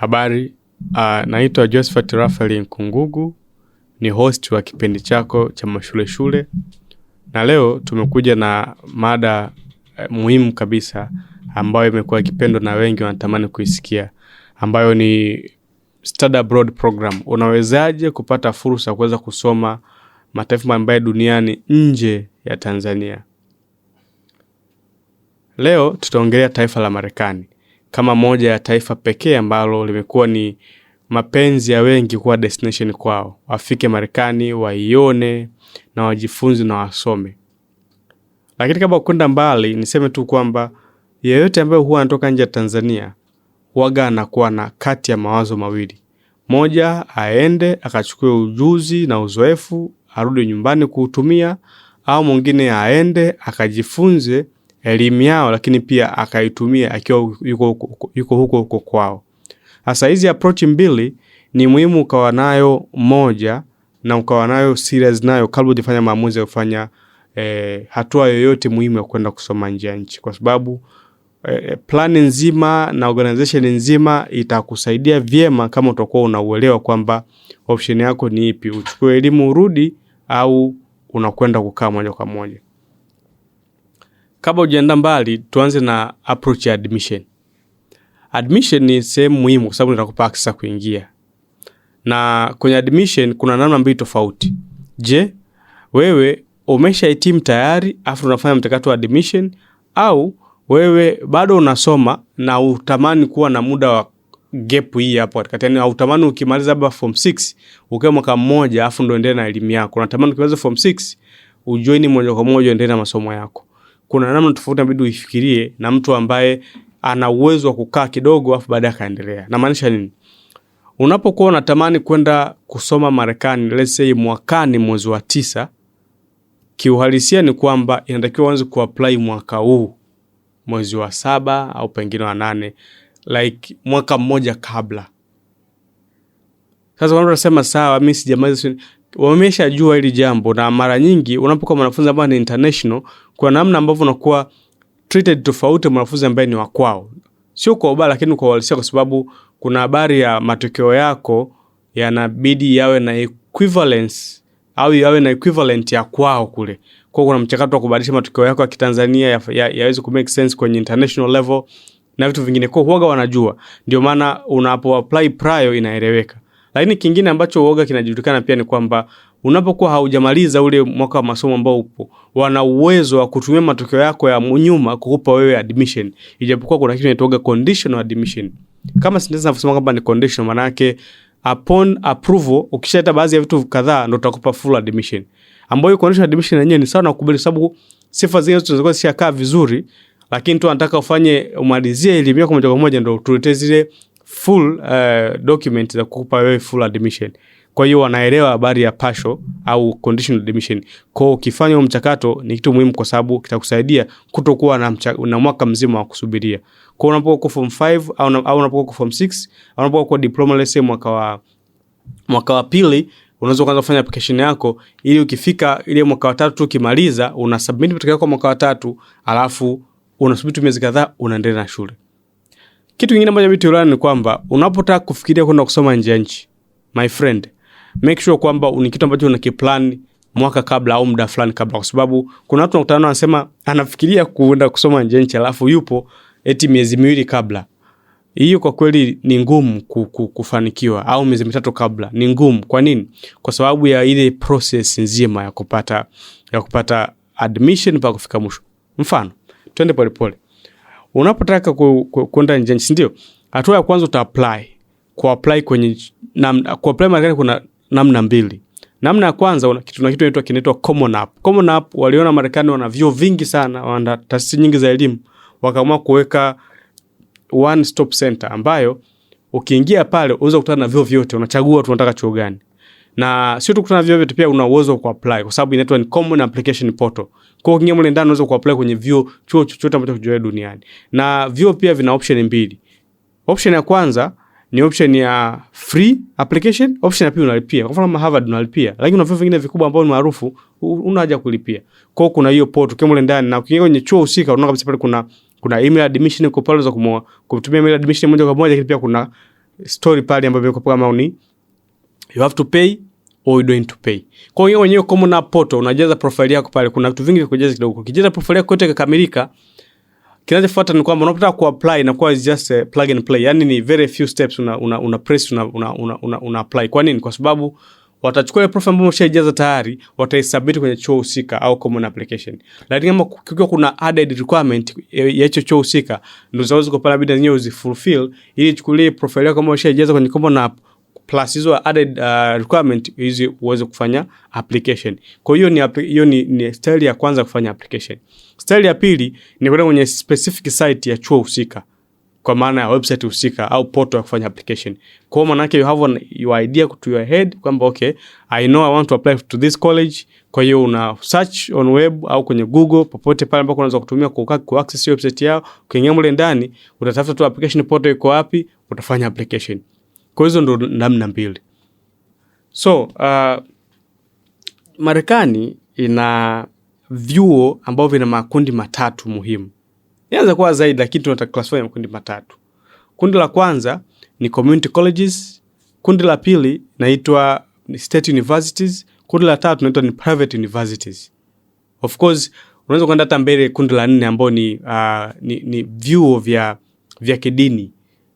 Habari, uh, naitwa Josephat Rafael Nkungugu, ni host wa kipindi chako cha mashule shule, na leo tumekuja na mada eh, muhimu kabisa ambayo imekuwa ikipendwa na wengi wanatamani kuisikia, ambayo ni study abroad program. Unawezaje kupata fursa kuweza kusoma mataifa mbalimbali duniani nje ya Tanzania? Leo tutaongelea taifa la Marekani kama moja ya taifa pekee ambalo limekuwa ni mapenzi ya wengi kuwa destination kwao, wafike Marekani waione na wajifunze na wasome. Lakini kama kwenda mbali, niseme tu kwamba yeyote ambaye huwa anatoka nje ya Tanzania waga anakuwa na kati ya mawazo mawili: moja, aende akachukue ujuzi na uzoefu arudi nyumbani kuutumia, au mwingine aende akajifunze elimu yao, lakini pia akaitumia akiwa yuko, yuko huko huko kwao. Sasa hizi approach mbili ni muhimu ukawa nayo moja na ukawa nayo serious nayo kabla hujafanya maamuzi ya kufanya eh, hatua yoyote muhimu ya kwenda kusoma nje ya nchi, kwa sababu eh, plan nzima na organization nzima itakusaidia vyema kama utakuwa unauelewa kwamba option yako ni ipi, uchukue elimu urudi, au unakwenda kukaa moja kwa moja. Kabla hujaenda mbali, tuanze na approach ya admission. Admission ni sehemu muhimu kwa sababu nitakupa access kuingia, na kwenye admission kuna namna mbili tofauti. Je, wewe umeshahitimu tayari afu unafanya mchakato wa admission, au wewe bado unasoma na utamani kuwa na muda wa gap hii hapo katikati, yani hautamani ukimaliza labda form 6 ukae mwaka mmoja afu ndo endelee na elimu yako. Unatamani ukimaliza form 6 ujoini moja kwa moja endelee na masomo yako kuna namna tofauti inabidi uifikirie na mtu ambaye ana uwezo wa kukaa kidogo afu baadaye akaendelea. Namaanisha nini? Unapokuwa unatamani kwenda kusoma Marekani, let's say mwakani mwezi wa tisa, kiuhalisia ni kwamba inatakiwa uanze kuapply mwaka huu mwezi wa saba au pengine wa nane, like mwaka mmoja kabla. Sasa wanasema sawa, mimi sijamaliza wameshajua hili jambo, na mara nyingi unapokuwa mwanafunzi ambaye ni international, kwa namna ambavyo unakuwa treated tofauti mwanafunzi ambaye ni wa kwao, sio kwa ubaya, lakini kwa uhalisia, kwa sababu kuna habari ya matokeo yako yanabidi yawe na equivalence au yawe na equivalent ya kwao kule. Kwa kuna mchakato wa kubadilisha matokeo yako ya Kitanzania yaweze ya, ya kumake sense kwenye international level na vitu vingine. Kwa huaga wanajua, ndio maana unapo apply prior inaeleweka. Lakini kingine ambacho uoga kinajulikana pia ni kwamba unapokuwa haujamaliza ule mwaka wa masomo ambao upo, wana uwezo wa kutumia matokeo yako ya nyuma kukupa wewe admission, ijapokuwa kuna kitu kinaitwa conditional admission. Kama sentensi navyosema kwamba ni conditional, maana yake upon approval, ukishaleta baadhi ya vitu kadhaa, ndo utakupa full admission, ambayo conditional admission yenyewe ni sawa na kukubali, sababu sifa zingine zinazokuwa zishakaa vizuri, lakini tu anataka ufanye umalizie elimu yako moja kwa moja, ndo tuletee zile full uh, document za kukupa wewe full admission. Kwa hiyo wanaelewa habari ya pasho au conditional admission. Kwa ukifanya huo mchakato ni kitu muhimu, kwa sababu kitakusaidia kutokuwa na, na mwaka mzima wa kusubiria. Kwa hiyo unapokuwa form 5 au, au unapokuwa form 6 au unapokuwa diploma lesson mwaka wa mwaka wa pili unaweza kuanza kufanya application yako ili ukifika ile mwaka wa tatu ukimaliza, una submit matokeo yako mwaka wa tatu, alafu unasubiri tu miezi kadhaa, unaendelea na shule. Kitu kingine ambacho mimi ni kwamba unapotaka kufikiria kwenda kusoma nje nchi, my friend, make sure kwamba ni kitu ambacho unakiplan mwaka kabla au muda fulani kabla, kwa sababu kuna watu nakutana nao wanasema anafikiria kuenda kusoma nje nchi alafu yupo eti miezi miwili kabla. Hiyo kwa kweli ni ngumu kufanikiwa, au miezi mitatu kabla ni ngumu. Kwa nini? Kwa sababu ya ile process nzima ya kupata ya kupata admission mpaka kufika mwisho. Mfano, twende polepole unapotaka kwenda nje nchi, ndio? Hatua ya kwanza uta apply ku apply kwenye na ku apply Marekani, kuna namna mbili. Namna ya kwanza una kitu na kitu inaitwa kinaitwa Common App. Common App waliona Marekani wana vyuo vingi sana, wana taasisi nyingi za elimu, wakaamua kuweka one stop center ambayo ukiingia pale unaweza kukutana na vyuo vyote, unachagua tu unataka chuo gani na sio tu kukutana na vyuo vyote, pia una uwezo wa kuapply kwa sababu inaitwa ni common application portal. Kwa hiyo ukiingia mule ndani unaweza kuapply kwenye vyuo chuo chochote ambacho kujua duniani. Na vyuo pia vina option mbili. Option ya kwanza ni option ya free application, option ya pili unalipia. Kwa mfano Harvard unalipia, lakini una vyuo vingine vikubwa ambavyo ni maarufu, una haja kulipia. Kwa hiyo kuna hiyo portal ukiingia mule ndani na ukiingia kwenye chuo husika unaona kabisa pale kuna kuna email admission uko pale za kumoa kutumia email admission moja kwa moja, lakini pia kuna story pale ambayo kama ni you have to pay or pay. Kwa hiyo wenyewe kama una unajaza profile yako pale, kuna vitu vingi vya kujaza kidogo. Ukijaza profile yako yote ikakamilika, kinachofuata ni kwamba unapotaka na kuwa just plug and play, yani ni very few steps, una una, una press una una, una, una, apply. Kwa nini? Kwa sababu watachukua ile profile ambayo tayari, wataisubmit kwenye chuo husika au common application. Lakini kama kukiwa kuna added requirement ya hicho chuo husika, ndio zaweza kupata zenyewe uzifulfill, ili chukulie profile yako ambayo kwenye common app plus hizo added uh, requirement hizi uweze kufanya application. Kwa hiyo ni hiyo ni, ni style ya kwanza kufanya application. Style ya pili ni kwenda kwenye specific site ya chuo husika kwa maana ya website husika au portal ya kufanya application. Kwa maana yake you have an, your idea to your head kwamba okay, I know I want to apply to this college. Kwa hiyo una search on web au kwenye Google popote pale ambapo unaweza kutumia kwa ku access website yao, kuingia mle ndani utatafuta tu application portal iko wapi, utafanya application. Kwa hizo ndo namna mbili. So uh, Marekani ina vyuo ambavyo vina makundi matatu muhimu. Nianza kuwa zaidi, lakini tunataka classify makundi matatu. Kundi la kwanza ni community colleges, kundi la pili naitwa state universities, kundi la tatu naitwa ni private universities. Of course unaweza kwenda hata mbele, kundi la nne ambao ni, uh, ni, ni vyuo vya, vya kidini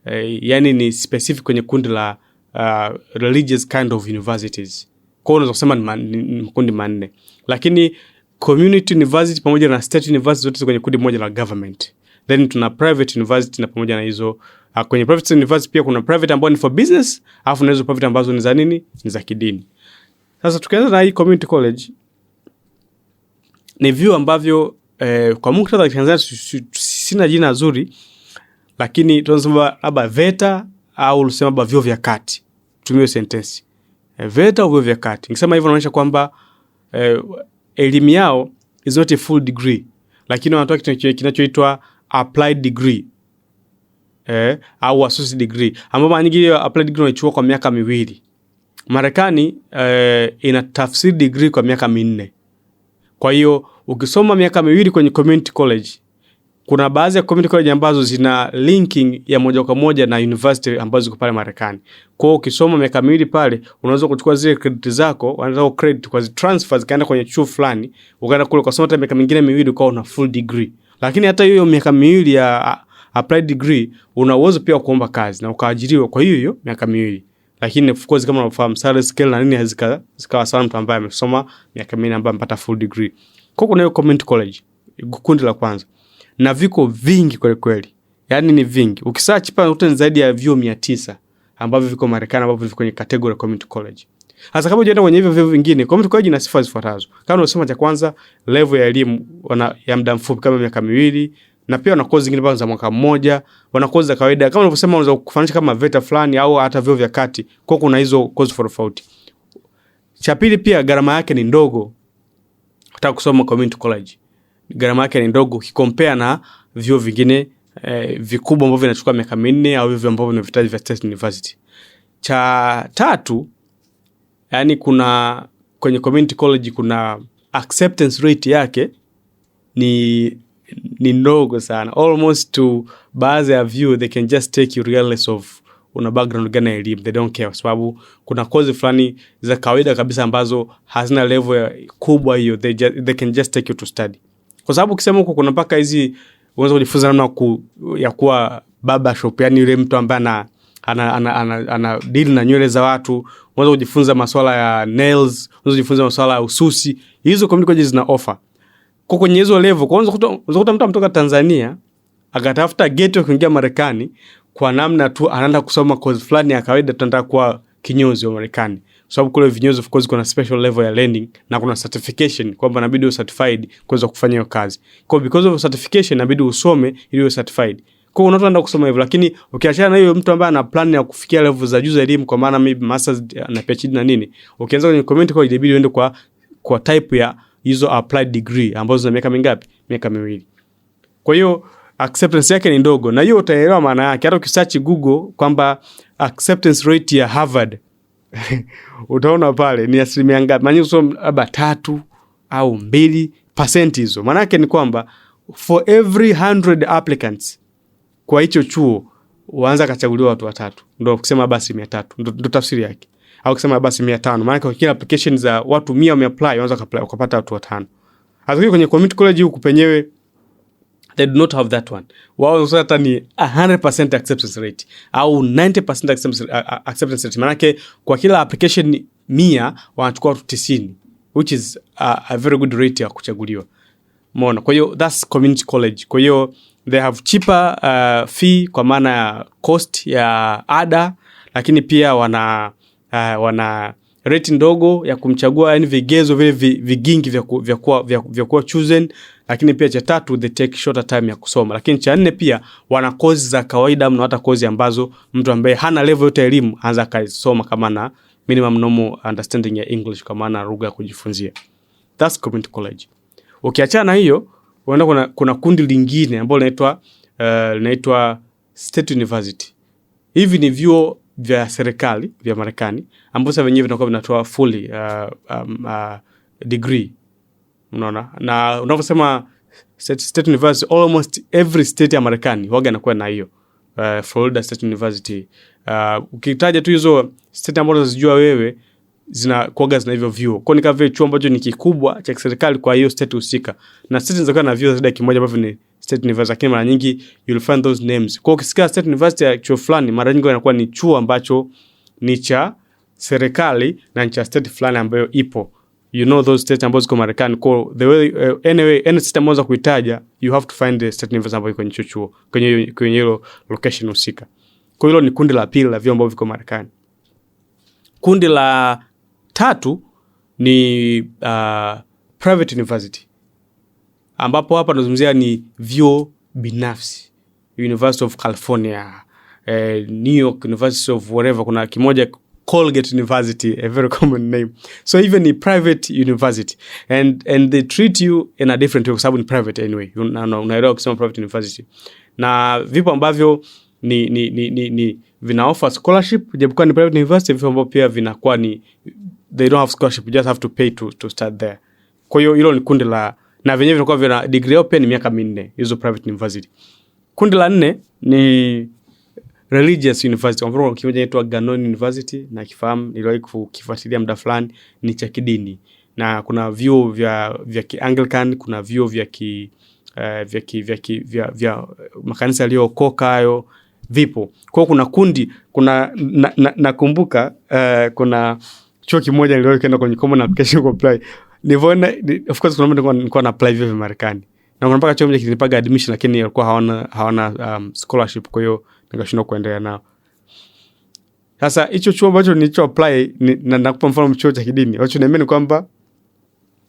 eh, yani ni specific kwenye kundi la uh, religious kind of universities kwao unaweza kusema ni, man, makundi manne lakini community university pamoja na state university zote kwenye kundi moja la government then tuna private university na pamoja na hizo uh, kwenye private university pia kuna private ambayo ni for business alafu na private ambazo ni za nini ni za kidini sasa tukianza na hii community college ni vyuo ambavyo eh, kwa muktadha Tanzania sina jina zuri lakini tunasema labda VETA au usema labda vyuo vya kati, tumie sentensi e, VETA au vyuo vya kati. Nikisema hivyo naonyesha kwamba eh, elimu yao is not a full degree, lakini wanatoa kitu kinachoitwa applied degree eh, au associate degree, ambapo mara nyingi applied degree unaichukua kwa miaka miwili. Marekani eh, ina tafsiri degree kwa miaka minne. Kwa hiyo ukisoma miaka miwili kwenye community college kuna baadhi ya community college ambazo zina linking ya moja kwa moja na university ambazo ziko pale Marekani. Kwa hiyo ukisoma miaka miwili pale, unaweza kuchukua zile credit zako, wanataka credit kwa transfer zikaenda kwenye chuo fulani, ukaenda kule ukasoma hata miaka mingine miwili ukawa una full degree. Lakini hata hiyo miaka miwili ya applied degree una uwezo pia kuomba kazi na ukaajiriwa kwa hiyo hiyo miaka miwili. Lakini of course kama unafahamu salary scale na nini hazika zikawa sana mtu ambaye amesoma miaka miwili ambaye amepata full degree. Kwa hiyo kuna hiyo community college, kundi la kwanza na viko vingi kwelikweli kweli, yaani ni vingi. Ukisearch pale utakuta zaidi ya vyuo tisa ambavyo viko Marekani ambavyo viko kwenye category community college. Hasa kama ujaenda kwenye hivyo vyuo vingine, community college ina sifa zifuatazo. Kama unasema cha kwanza, level ya elimu ya muda mfupi kama miaka miwili na pia wana kozi zingine za mwaka mmoja, wana kozi za kawaida kama unavyosema, unaweza kufanisha kama VETA fulani au hata vyuo vya kati, kwa kuna hizo kozi tofauti. Cha pili, pia gharama yake ni ndogo, hata kusoma community college gharama yake ni ndogo ukikompea na vyuo vingine eh, vikubwa ambavyo vinachukua miaka minne au hivyo ambavyo vinavitaji vya State University. Cha tatu, yani kuna kwenye community college kuna acceptance rate yake ni ni ndogo sana, almost to baadhi ya vyuo they can just take you regardless of una background gani ya elimu, they don't care, kwa sababu kuna kozi fulani za kawaida kabisa ambazo hazina level kubwa hiyo, they, they can just take you to study kwa sababu ukisema huko kuna mpaka hizi unaweza kujifunza namna ku, ya kuwa baba shop, yani yule mtu ambaye ana ana, ana, ana, ana deal na nywele za watu. Unaweza kujifunza masuala ya nails, unaweza kujifunza masuala ya ususi, hizo community colleges zina offer kwa kwenye hizo level. Kwa unaweza kukuta mtu ametoka Tanzania akatafuta gate ya kuingia Marekani kwa namna tu anaenda kusoma course fulani ya kawaida, tunataka kuwa kinyozi wa Marekani sababu kule vinyozi of course kuna special level ya lending na kuna certification kwamba inabidi uwe certified kuweza kufanya hiyo kazi. Kwa because of certification inabidi usome ili uwe certified. Kwa hiyo unaenda kusoma hivyo, lakini ukiachana na hiyo, mtu ambaye ana plan ya kufikia level za juu za elimu, kwa maana maybe masters eh, na PhD na nini, ukianza kwenye comment kwa inabidi uende kwa kwa type ya hizo applied degree ambazo zina miaka mingapi? Miaka miwili. Kwa hiyo acceptance yake ni ndogo, na hiyo utaelewa maana yake hata ukisearch Google kwamba acceptance rate ya Harvard utaona pale ni asilimia ngapi, manyi so labda tatu au mbili pasenti hizo. Maana ni kwamba for every 100 applicants kwa hicho chuo waanza kachaguliwa watu watatu, ndo kusema labda asilimia tatu ndo tafsiri yake, au kusema labda asilimia tano maanake kila application za watu mia wameapply, waanza kupata watu watano. Hata kwenye community college huku penyewe they do not have that one wao hata ni 100% acceptance rate au 90% acceptance, rate manake kwa kila application mia wanachukua watu tisini which is a, a very good rate ya kuchaguliwa mona kwahiyo thats community college kwahiyo they have cheaper uh, fee kwa maana ya cost ya ada lakini pia wana uh, wana rate ndogo ya kumchagua yani vigezo vile vigingi vya kuwa chosen lakini pia cha tatu they take shorter time ya kusoma, lakini cha nne pia wana kozi za kawaida mna hata kozi ambazo mtu ambaye hana level yote elimu anaweza kaisoma kama na minimum normal understanding ya English, kwa maana lugha ya kujifunzia. That's community college. Ukiachana na hiyo, unaenda kuna, kuna kundi lingine ambalo linaitwa uh, linaitwa State University. Hivi ni vyuo vya serikali vya Marekani ambavyo sasa wenyewe vinakuwa vinatoa fully uh, um, uh, degree unaona na unavyosema state, state university almost every state ya marekani waga inakuwa na hiyo uh, florida state university uh, ukitaja tu hizo state ambazo zijua wewe zina kuaga zina hivyo vyuo kwao ni kavile chuo ambacho ni kikubwa cha kiserikali kwa hiyo state husika na state zinakuwa na vyuo zaidi ya kimoja ambavyo ni state university lakini mara nyingi you'll find those names kwao ukisikia state university ya chuo fulani mara nyingi inakuwa ni chuo ambacho ni cha serikali na ni cha state fulani ambayo ipo you know those states ambazo ziko Marekani kwa the way uh, anyway any state ambazo kuitaja you have to find the state university ambayo kwenye nchi chuo kwenye kwenye hilo location husika. Kwa hilo ni kundi la pili la vyuo ambavyo viko Marekani. Kundi la tatu ni uh, private university ambapo hapa nazungumzia ni vyuo binafsi University of California, eh, New York University of whatever. Kuna kimoja Colgate University, a very common name. So even a private university and and they treat you in a different way, kwa sababu ni private anyway. Unaelewa kusema private university, na vipo ambavyo ni, ni, ni, ni, ni vina offer scholarship japokuwa ni private university, vipo ambavyo pia vinakuwa ni they don't have scholarship, you just have to pay to, to start there. Kwa hiyo hilo ni kundi la na vyenyewe vinakuwa vina degree open miaka minne hizo private university. Kundi la nne ni religious university. Kwa mfano kimoja inaitwa Ganon University na kifahamu, niliwahi kukifuatilia muda fulani, ni cha kidini na kuna vyuo vya vya Kianglican, kuna vyuo vya ki uh, vya ki, vya, ki, vya, vya makanisa yaliyookoka hayo vipo. Kwa kuna kundi kuna nakumbuka na, na uh, kuna chuo kimoja niliwahi kwenda kwenye common application apply. Niliona of course kuna mtu nilikuwa na apply vya Marekani. Na kuna mpaka chuo kimoja kilinipaga admission lakini walikuwa hawana hawana um, scholarship kwa hiyo nikashindwa kuendelea nao. Sasa hicho chuo ambacho nilicho apply ni, na nakupa mfano chuo cha kidini ambacho niambia ni kwamba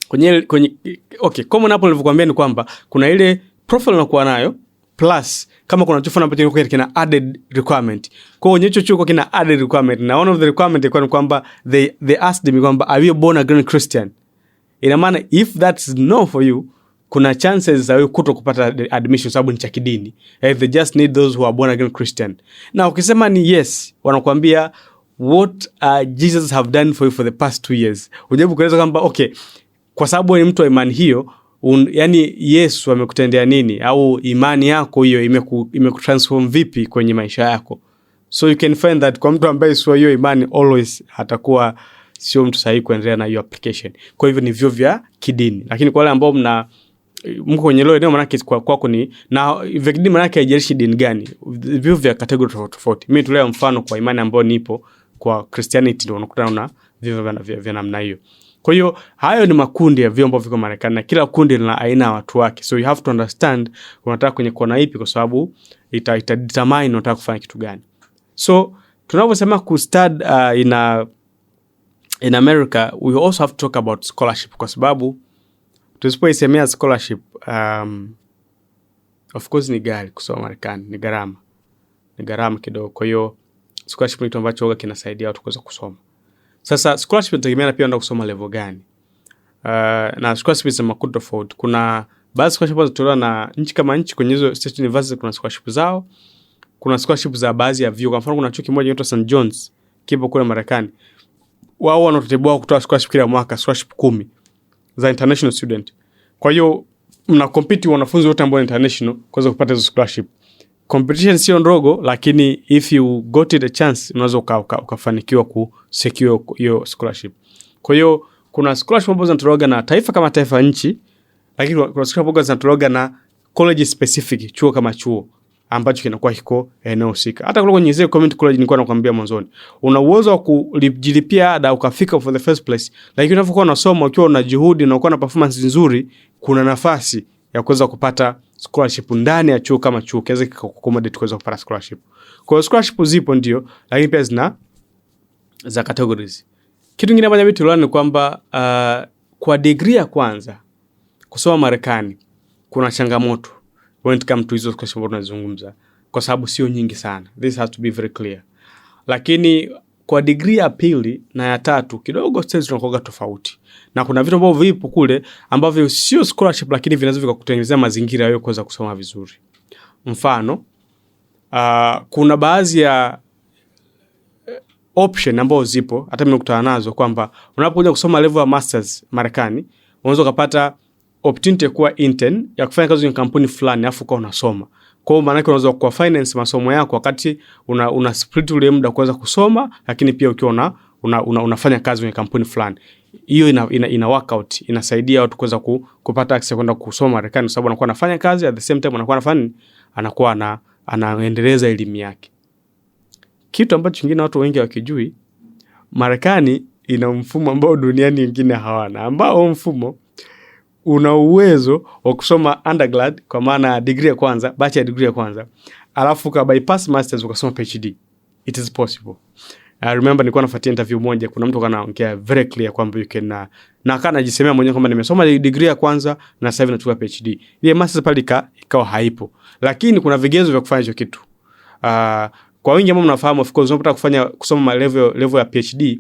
kwenye kwenye okay, common hapo nilivyokuambia ni kwamba kuna ile profile unakuwa nayo plus kama kuna chuo ambacho kilikuwa kina added requirement. Kwa hiyo hicho chuo kina added requirement na one of the requirement ilikuwa ni kwamba they they asked me kwamba are you born again Christian? Ina maana if that's no for you kuna chances za wewe kuto kupata admission sababu ni cha kidini. Eh, they just need those who are born again Christian. Na ukisema ni yes, wanakuambia what uh, Jesus have done for you for the past two years. Unajaribu kueleza kwamba okay, kwa sababu ni mtu wa imani hiyo Un, yani Yesu amekutendea nini au imani yako hiyo imeku, imekutransform vipi kwenye maisha yako. So you can find that kwa mtu ambaye sio hiyo imani always atakuwa sio mtu sahihi kuendelea na hiyo application. Kwa hivyo ni vyo vya kidini, lakini kwa wale ambao mna mko kwenye lo eneo manake kwako kwa ni na vekidi manake haijalishi dini gani vyo vya kategori tofauti tofauti mi tulea mfano kwa imani ambayo nipo kwa christianity ndo unakutana na vivyo vya, vya namna hiyo kwa hiyo hayo ni makundi ya vyombo viko Marekani na kila kundi lina aina ya watu wake, so you have to understand unataka kwenye kona ipi, kwa sababu ita, ita determine unataka kufanya kitu gani. So tunavyosema ku stud uh, in, a, uh, in America we also have to talk about scholarship, kwa sababu tusipoisemea scholarship um, of course ni gari kusoma Marekani, ni gharama, ni gharama kidogo. Kwa hiyo scholarship ni kitu ambacho huwa kinasaidia watu kuweza kusoma. Sasa scholarship inategemeana pia unataka kusoma level gani. Uh, na scholarship zina makundi tofauti. Kuna baadhi scholarship zinatolewa na nchi kama nchi, kwenye hizo state university kuna scholarship zao. Kuna scholarship za baadhi ya vyuo, kwa mfano kuna chuo kimoja inaitwa St John's kipo kule Marekani, wao wanatotebwa kutoa scholarship kila mwaka, scholarship kumi za international student. Kwa hiyo mna compete wanafunzi wote ambao international kuweza kupata hizo scholarship. Competition sio ndogo, lakini if you got the chance unaweza ukafanikiwa ku secure hiyo scholarship. Kwa hiyo kuna scholarship ambazo zinatolewa na taifa kama taifa nchi, lakini kuna scholarship ambazo zinatolewa na college specific, chuo kama chuo ambacho kinakuwa kiko eneo husika. Hata kule kwenye zile community college nilikuwa nakwambia mwanzoni, una uwezo wa kujilipia ada ukafika for the first place, lakini unapokuwa unasoma ukiwa una juhudi na ukiwa na performance nzuri, kuna nafasi ya kuweza kupata scholarship ndani ya chuo kama chuo kiweze kuaccommodate kuweza kupata scholarship. Kwa hiyo scholarship zipo ndio, lakini pia zina za categories. Kitu kingine ambacho tuliona ni kwamba uh, kwa degree ya kwanza kusoma Marekani kuna changamoto when it to hizo kwa sababu kwa sababu sio nyingi sana, this has to be very clear. Lakini kwa degree ya pili na ya tatu kidogo stage tunakuwa tofauti, na kuna vitu ambavyo vipo kule ambavyo sio scholarship, lakini vinaweza vikakutengenezea mazingira yayo kuweza kusoma vizuri. Mfano uh, kuna baadhi ya eh, option ambazo zipo hata mekutana nazo kwamba unapokuja kusoma level ya masters Marekani unaweza ukapata opportunity kuwa intern ya kufanya kazi kwenye kampuni fulani afu kwa unasoma. Kwa hiyo maana unaweza kuwa finance masomo yako wakati una, una split ule muda kuweza kusoma, lakini pia ukiwa una, una, una, unafanya kazi kwenye kampuni fulani. Hiyo ina, ina, ina workout, inasaidia watu kuweza ku, kupata access kwenda kusoma Marekani sababu anakuwa anafanya kazi at the same time anakuwa anafanya anakuwa ana, anaendeleza elimu yake. Kitu ambacho kingine watu wengi hawakijui, Marekani ina mfumo ambao duniani nyingine hawana, ambao mfumo una uwezo wa kusoma undergrad kwa maana degree ya kwanza, bacha ya degree ya kwanza, alafu ka bypass masters ukasoma PhD. It is possible. I ah, remember nilikuwa nafuatia interview moja, kuna mtu kanaongea very clear kwamba you can na, na kana jisemea mwenyewe kwamba nimesoma degree ya kwanza na sasa hivi nachukua PhD. Ile masters pale ka, ikawa haipo. Lakini kuna vigezo vya kufanya hicho kitu. Uh, kwa wengi ambao mnafahamu of course unapotaka kufanya kusoma level level ya PhD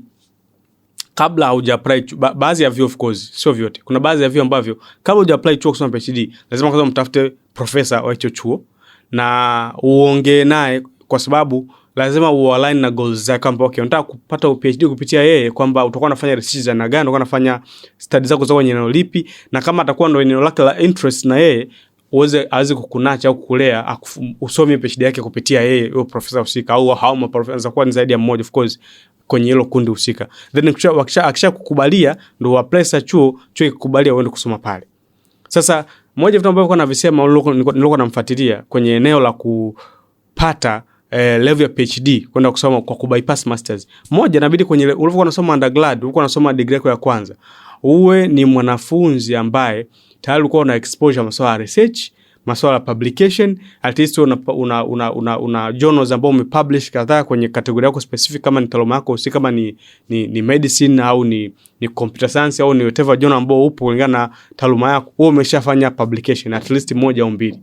kabla haujapply ba, baadhi ya vyuo of course sio vyote. Kuna baadhi ya vyuo ambavyo kabla hujaapply chuo kusoma PhD lazima kwanza mtafute profesa wa hicho chuo na uongee naye, kwa sababu lazima ualign na goals zako, kwamba okay, unataka kupata PhD kupitia yeye, kwamba utakuwa unafanya research za na gani, utakuwa unafanya studies zako za kwenye eneo lipi, na kama atakuwa ndio eneo lake la interest na yeye uweze aweze kukunacha au kukulea usome PhD yake kupitia yeye huyo profesa husika, au hao maprofesa kuwa ni zaidi ya mmoja of course, kwenye hilo kundi husika, then akisha kukubalia ndo waplesa chuo, chuo kikubalia uende kusoma pale. Sasa moja vitu ambavyo navisema nilikuwa namfuatilia kwenye eneo la kupata eh, level ya PhD kwenda kusoma kwa kubypass masters. Moja, inabidi kwenye ulivyokuwa unasoma undergrad, ulikuwa unasoma degree yako ya kwanza uwe ni mwanafunzi ambaye tayari ulikuwa una exposure masuala ya research masuala ya publication at least una, una, una, una, una journals ambao umepublish kadhaa kwenye kategoria yako specific, kama ni taaluma yako si kama ni, ni, ni medicine au ni, ni computer science au ni whatever journal ambao upo kulingana na taaluma yako, wewe umeshafanya publication at least moja au mbili.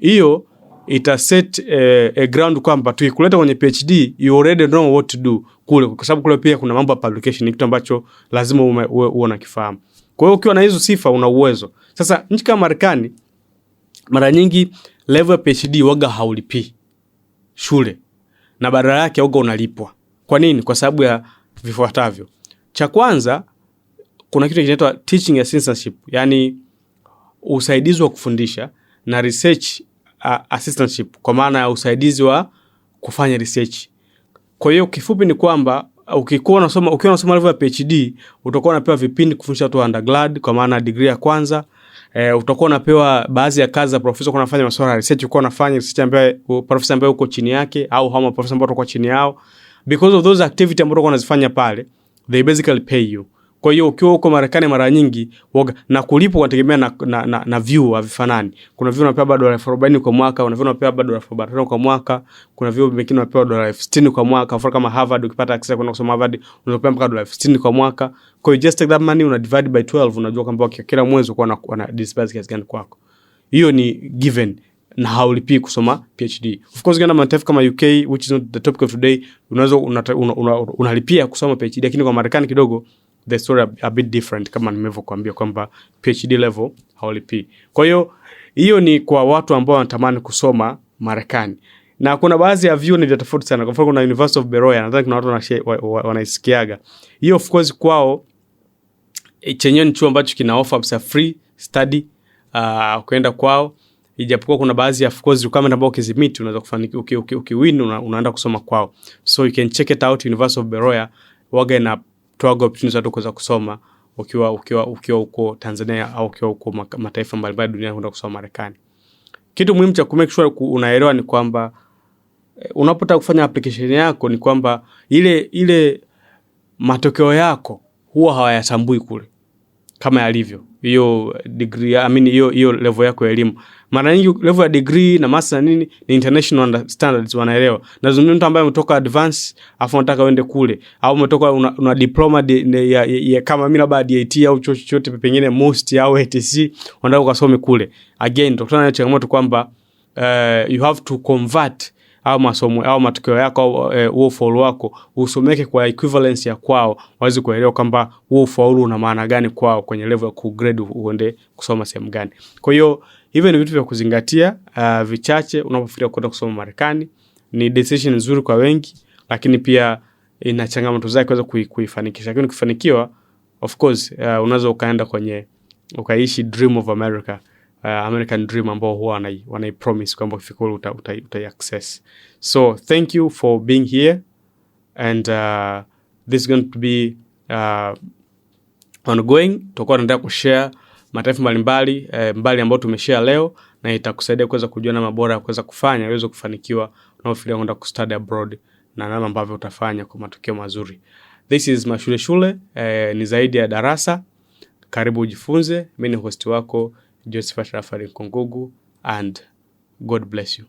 Hiyo ita set eh, a ground kwamba tukikuleta kwenye PhD you already know what to do kule, kwa sababu kule pia kuna mambo ya publication, ni kitu ambacho lazima uone kifahamu Kwa hiyo ukiwa na hizo sifa, una uwezo sasa. Nchi kama Marekani mara nyingi level ya PhD waga haulipi shule na badala yake waga unalipwa. Kwa nini? Kwa sababu ya vifuatavyo. Cha kwanza, kuna kitu kinaitwa teaching assistantship, yani usaidizi wa kufundisha na research uh, assistantship kwa maana ya usaidizi wa kufanya research. Kwa hiyo kifupi ni kwamba ukikuwa unasoma ukiwa unasoma level ya PhD utakuwa unapewa vipindi kufundisha watu wa undergrad kwa maana degree ya kwanza eh, utakuwa unapewa baadhi ya kazi za profesa kuwa unafanya masuala ya research, kuwa unafanya research ambayo profesa ambaye uko chini yake au hao profesa ambao utakuwa chini yao, because of those activity ambazo unazifanya pale, they basically pay you kwa hiyo ukiwa huko Marekani mara nyingi woga, na kulipo unategemea na, na, na, na vyuo havifanani. Kuna vyuo unapewa dola elfu arobaini kwa mwaka, kuna vyuo unapewa dola elfu arobaini na tano kwa mwaka, kuna vyuo vingine unapewa dola elfu sitini kwa mwaka. Mfano kama Harvard, ukipata access kwenda kusoma Harvard unapewa mpaka dola elfu sitini kwa mwaka. Kwa hiyo just take that money una divide by 12, unajua kwamba kila mwezi uko na disperse kiasi gani kwako. Hiyo ni given na haulipi kusoma PhD. Of course kuna mataifa kama UK which is not the topic of today, unaweza unalipia una, una, una kusoma PhD, lakini kwa Marekani kidogo the story a bit different, kama nimevyokuambia kwamba PhD level haulipi. Kwa hiyo hiyo ni kwa watu ambao wanatamani kusoma Marekani na kuna baadhi ya vyuo ni vya tofauti sana. Kwa mfano kuna University of Beroya, nadhani kuna watu wanaisikiaga hiyo. Of course kwao eh, chenyewe ni chuo ambacho kina offer free study uh, kwenda kwao, ijapokuwa kuna baadhi ya of course requirement ambao ukizimiti unaweza kufanikiwa ukiwin uki, uki una, unaenda kusoma kwao, so you can check it out. University of Beroya waga ina tuaga opportunities watu kuweza kusoma ukiwa ukiwa ukiwa huko Tanzania au ukiwa huko mataifa mbalimbali duniani kwenda kusoma Marekani. Kitu muhimu cha kumake sure unaelewa ni kwamba eh, unapotaka kufanya application yako ni kwamba ile ile matokeo yako huwa hawayatambui kule kama yalivyo hiyo degree I mean hiyo hiyo level yako ya elimu. Mara nyingi level ya degree na master na nini ni international standards wanaelewa. Nazungumzia mtu ambaye umetoka advance afu unataka uende kule au umetoka una, una diploma de, de, ya, ya, kama mimi labda DIT au chuo chochote pengine most au ATC unataka ukasome kule. Again, tukutana na changamoto kwamba uh, you have to convert uh, au masomo au matokeo yako au e, huo ufaulu wako usomeke kwa equivalence ya kwao, waweze kuelewa kwamba huo ufaulu una maana gani kwao kwenye level ya kugrade uende kusoma sehemu gani. Kwa hiyo hivyo ni vitu vya kuzingatia uh, vichache unapofikiria kwenda kusoma Marekani. Ni decision nzuri kwa wengi, lakini pia ina changamoto zake kuweza kuifanikisha, lakini ukifanikiwa of course uh, unaweza ukaenda kwenye ukaishi dream of America uh, American Dream ambao huwa wanai, wanai promise kwamba ukifika kule uta, uta, uta access. So thank you for being here and uh, this is going to be uh, ongoing. Tutakuwa tunaendelea kushare mataifa mbalimbali eh, mbali ambayo tumeshare leo na itakusaidia kuweza kujua namna bora ya kuweza kufanya uweze kufanikiwa unaofikiria kwenda kustudy abroad na namna ambavyo utafanya kwa matokeo mazuri. This is Mashule Shule eh, ni zaidi ya darasa. Karibu ujifunze. Mimi ni host wako Joseph Sharafari Kongogu, and God bless you.